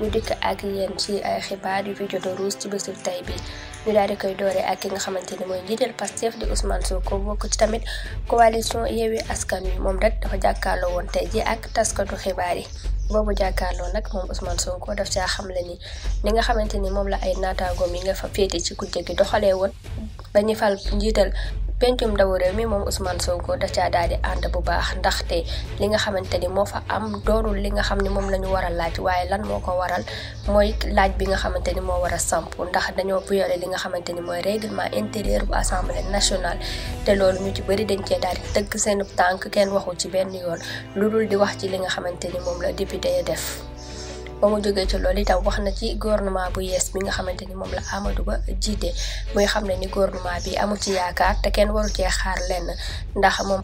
ñu dikk ak yéen ci ay xibaar yu fi jot a ruus ci bésu tay bi ñu daal di koy doore ak ki nga xamante ni mooy njiital Pastef di ko Sonko ko ci tamit coalition Yewwi Askan Wi moom rek dafa jàkkaarloo woon tey ji ak taskatu xibaar yi. boobu jàkkaarloo nag moom Ousmane Sonko daf caa xamle ni nga xamante ni moom la ay naataangoom yi nga fa féete ci kujje gi doxalee woon ba ñu fal njiital pencum ndawu réew mi moom Ousmane Sonko da caa daal di ànd bu baax ndaxte li nga xamante ni moo fa am doonul li nga xam ne moom la ñu war a laaj waaye lan moo ko waral mooy laaj bi nga xamante ni moo war a samp ndax dañoo violé li nga xamante ni mooy règlement intérieur bu assemblée national te loolu ñu ci bëri dencee cee daal di tëgg seen tànk kenn waxu ci benn yoon lu dul di wax ci li nga xamante ni moom la député def. ba mu jógee ci loolu itam wax na ci gouvernement bu yees bi nga xamante ni moom la Amadou Ba jiite muy xam ne ni gouvernement bi amu ci yaakaar te kenn waru cee xaar lenn ndax moom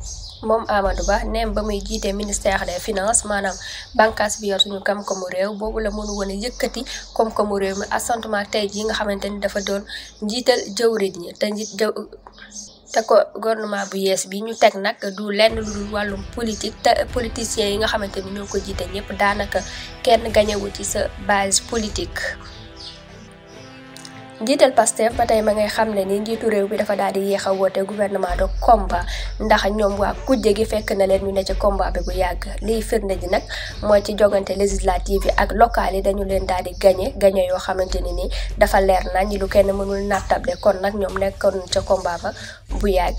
moom Amadou Ba neem ba muy jiite ministère des finance maanaam bànqaas bi yor suñu koom-koomu réew boobu la mënu woon a yëkkati koom mu réew mi assentement tey jii nga xamante ni dafa doon njiital jëwriñ ñi te njiit jëw te ko gouvernement bu yees bii ñu teg nag du lenn lu wàllum politique te politiciens yi nga xamante ni ñoo ko jiitee ñëpp daanaka kenn gañewu ci sa base politique. njiital Pastef ba tey ma ngay xam ne ni njiitu réew bi dafa daal di yéex te woote gouvernement de combat ndax ñoom waa kujje gi fekk na leen ñu ne ci combat bi bu yàgg liy firnde ji nag mooy ci jogante législative yi ak locale yi dañu leen daal di gañe gañe yoo xamante ni nii dafa leer nañ lu kenn mënul nattable kon nag ñoom nekkoon ca combat ba bu yàgg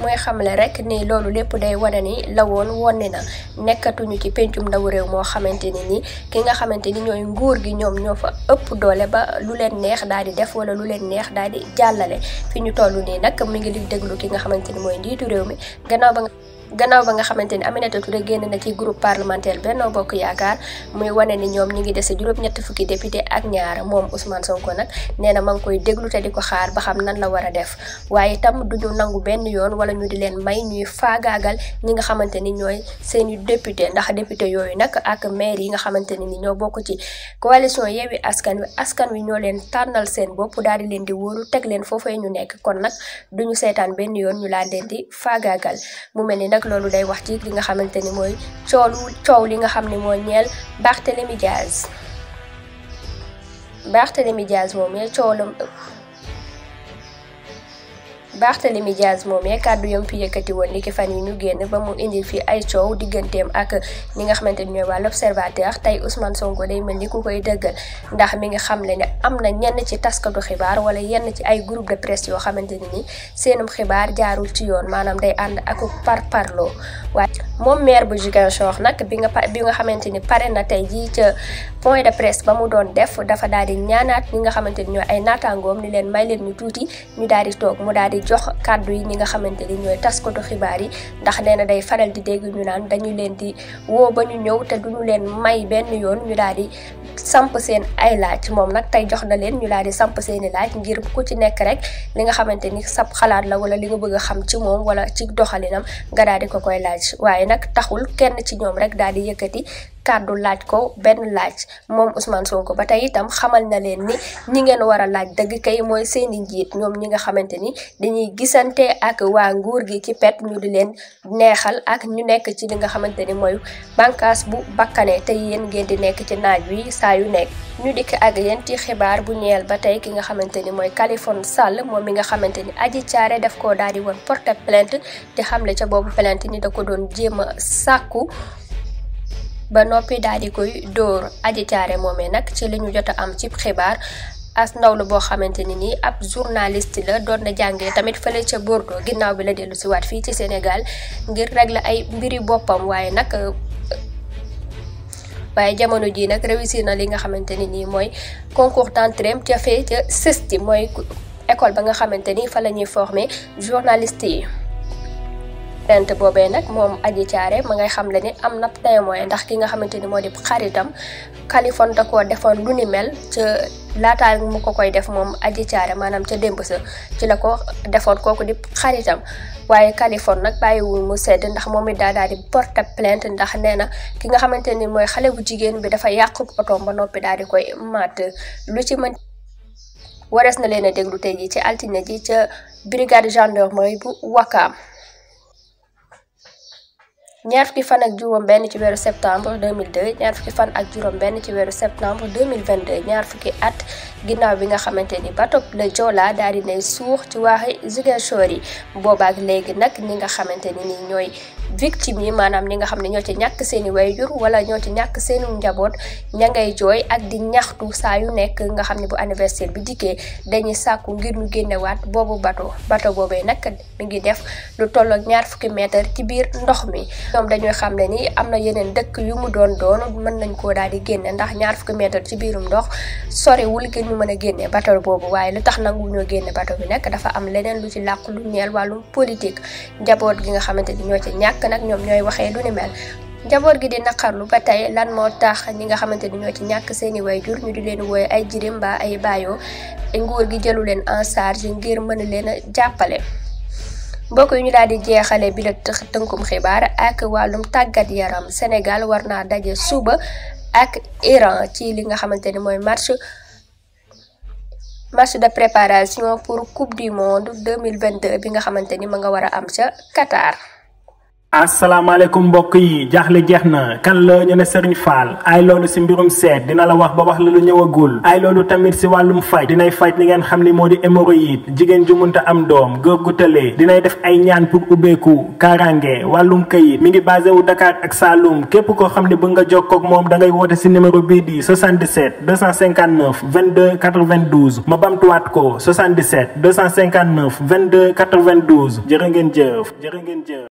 mooy xam xamle rek ni loolu lépp day wane ni lawoon wone na nekkatuñu ci pencum ndaw réew moo xamante ne ni ki nga xamante ni ñooy nguur gi ñoom ñoo fa ëpp doole ba lu leen neex daal di def wala lu leen neex daal di jàllale fi ñu toll nii nag mu ngi di déglu ki nga xamante ni mooy njiitu réew mi gannaaw ba nga gannaaw ba nga xamante ni Aminata Touré génn na ci groupe parlementaire Benno Bokk Yaakaar muy wane ni ñoom ñi ngi dese juróom-ñett fukki député ak ñaar moom Ousmane Sonko nag nee na ma ngi koy déglu te di ko xaar ba xam nan la war a def waaye tam duñu nangu benn yoon wala ñu di leen may ñuy faagaagal ñi nga xamante ni ñooy seeni député ndax député yooyu nag ak maire yi nga xamante ne ni ñoo bokk ci coalition Yewwi Askan Wi askan wi ñoo leen tànnal seen bopp daal di leen di wóolu teg leen foofee ñu nekk kon nag duñu seetaan benn yoon ñu laa leen di faagaagal nag loolu day wax ci li nga xamante ni mooy coolu coow li nga xam ni mooy ñel ñeel Barthélémy Diaz Barthélémy Diaz moom ñeel ëpp Barthélemy Diaz moomee kàddu yom fi yëkkati woon ni ki fan yi ñu génn ba mu indil fi ay coow digganteem ak ñi nga xamante ni ñooy waa l'Observateur tey Ousmane Sonko day mel ni ku koy dëggal ndax mi ngi xamle ne am na ñenn ci taskatu xibaar wala yenn ci ay groupe de presse yoo xamante ni seenum xibaar jaarul ci yoon maanaam day ànd ak par parloo moom maire bu Ziguinchor nag bi nga bi nga xamante ni pare na tey jii ca point de presse ba mu doon def dafa daal di ñaanaat ñi nga xamante ni ñooy ay naataangoom ni leen may leen ñu tuuti ñu daal di toog mu daal di jox kàddu yi ñi nga xamante ni ñooy taskatu xibaar yi ndax nee na day faral di dégg ñu naan dañu leen di woo ba ñu ñëw te duñu leen may benn yoon ñu daal di samp seen ay laaj moom nag tey jox na leen ñu daal di samp seen i laaj ngir ku ci nekk rek li nga xamante ni sab xalaat la wala li nga bëgg a xam ci moom wala ci doxalinam nga daal di ko koy laaj waaye nag taxul kenn ci ñoom rek daal di yëkkati kàddu laaj ko benn laaj moom usmaan Ousmane ko ba tey itam xamal na leen ni ñi ngeen war a laaj dëgg kay mooy seeni njiit ñoom ñi nga xamante ni dañuy gisante ak waa nguur gi ci pet ñu di leen neexal ak ñu nekk ci li nga xamante ni mooy bànkaas bu bakkanee te yéen ngeen di nekk ci naaj wi saa yu nekk ñu dikk ak yéen ci xibaar bu ñeel ba tey ki nga xamante ni mooy Khaliphone Sall moom mi nga xamante ni aji caare daf ko daal di woon porter plainte di xamle ca boobu plainte ni da ko doon jéem a sàkku ba noppi daal di koy dóor aji caare moomee nag ci li ñu jot am cib xibaar as ndaw la boo xamante ni nii ab journaliste la doon na jàngee tamit fële ca Bordeaux ginnaaw bi la dellu si waat fii ci senegal ngir régler ay mbiri boppam waaye nag waaye jamono jii nag réussir na li nga xamante ni nii mooy concours d'entrée ca fee ca CESTI mooy école ba nga xamante ni fa la ñuy former journaliste yi plainte boobee nag moom aji caare ma ngay xam le ni am na témoin ndax ki nga xamante ni moo di xaritam Kaliphone da koo defoon lu ni mel ca laataa mu ko koy def moom aji caare maanaam ca démb sa ci la ko defoon kooku di xaritam waaye kalifon nag bàyyiwul mu sedd ndax moom it daa daal di ndax nee na ki nga xamante ni mooy xale bu jigéen bi dafa yàqu otoom ba noppi daal di koy màtt lu ci mën warees na leen a déglu te ji ci altine ji ca brigade gendarmerie bu Wakaam ñaar fukki fan ak juróom benn ci weeru septembre 2002 ñaar fukki fan ak juróom benn ci weeru septembre 2022 ñaar fukki at ginnaaw bi nga xamante ni bateau le Joola daal di nay suux ci waaxi Ziguinchor yi boobaak léegi nag ni nga xamante ni ñooy victime yi manam ñi nga xamne ñoo ci ñak seeni wayjur wala ñoo ci ñak seeni njabot ña ngay joy ak di ñaxtu sa yu nekk nga xamne bu anniversaire bi dikkee dañuy sakku ngir ñu génnewaat bobu bato bato bobé nak mi ngi def lu tollo ñaar fukki meter ci biir ndox mi ñom dañuy xamne ni amna yeneen dekk yu mu doon doon mën nañ ko daal di génne ndax ñaar fukki meter ci biirum ndox wul ngir ñu mëna a bato bobu waye lu tax nangu ñoo génne bato bi nak dafa am leneen lu ci laq lu ñeel walu politique njabot gi nga ñoo ci ñak nak ñom ñoy waxé lu ni mel njaboot gi di nakarlu ba tay lan mo tax ñi nga xamanteni ñoo ci ñak seeni wayjur ñu di leen woy ay jirim ba ay bàyyoo nguur gi jëlu leen en charge ngir mëna leen jappalé ñu daal di jeexale bi la tënkum xibaar ak walum tàggat yaram sénégal war naa daje suba ak iran ci li nga xamanteni ni mooy match match de préparation pour coupe du monde 2022 bi nga xamanteni ma nga wara am ca qatar asalaamaaleykum mbokk yi jaaxle jeex na kan la ñu ne Serigne ay loolu si mbirum seet dina la wax ba wax la lu ñëwagul ay loolu tamit si wàllum faj dinay faj li ngeen xam ni moo di hémorroïde jigéen ju munta am doom góor gu tëlee dinay def ay ñaan pour ubbeeku kaaraange wàllum kayit mi ngi basé wu Dakar ak Saloum képp koo xam ne bëgg nga jox kook moom da ngay woote si numéro bii di 77 259 22 92 ma bamtuwaat ko 77 259 22 92 jërë ngeen jëf jërë ngeen jëf.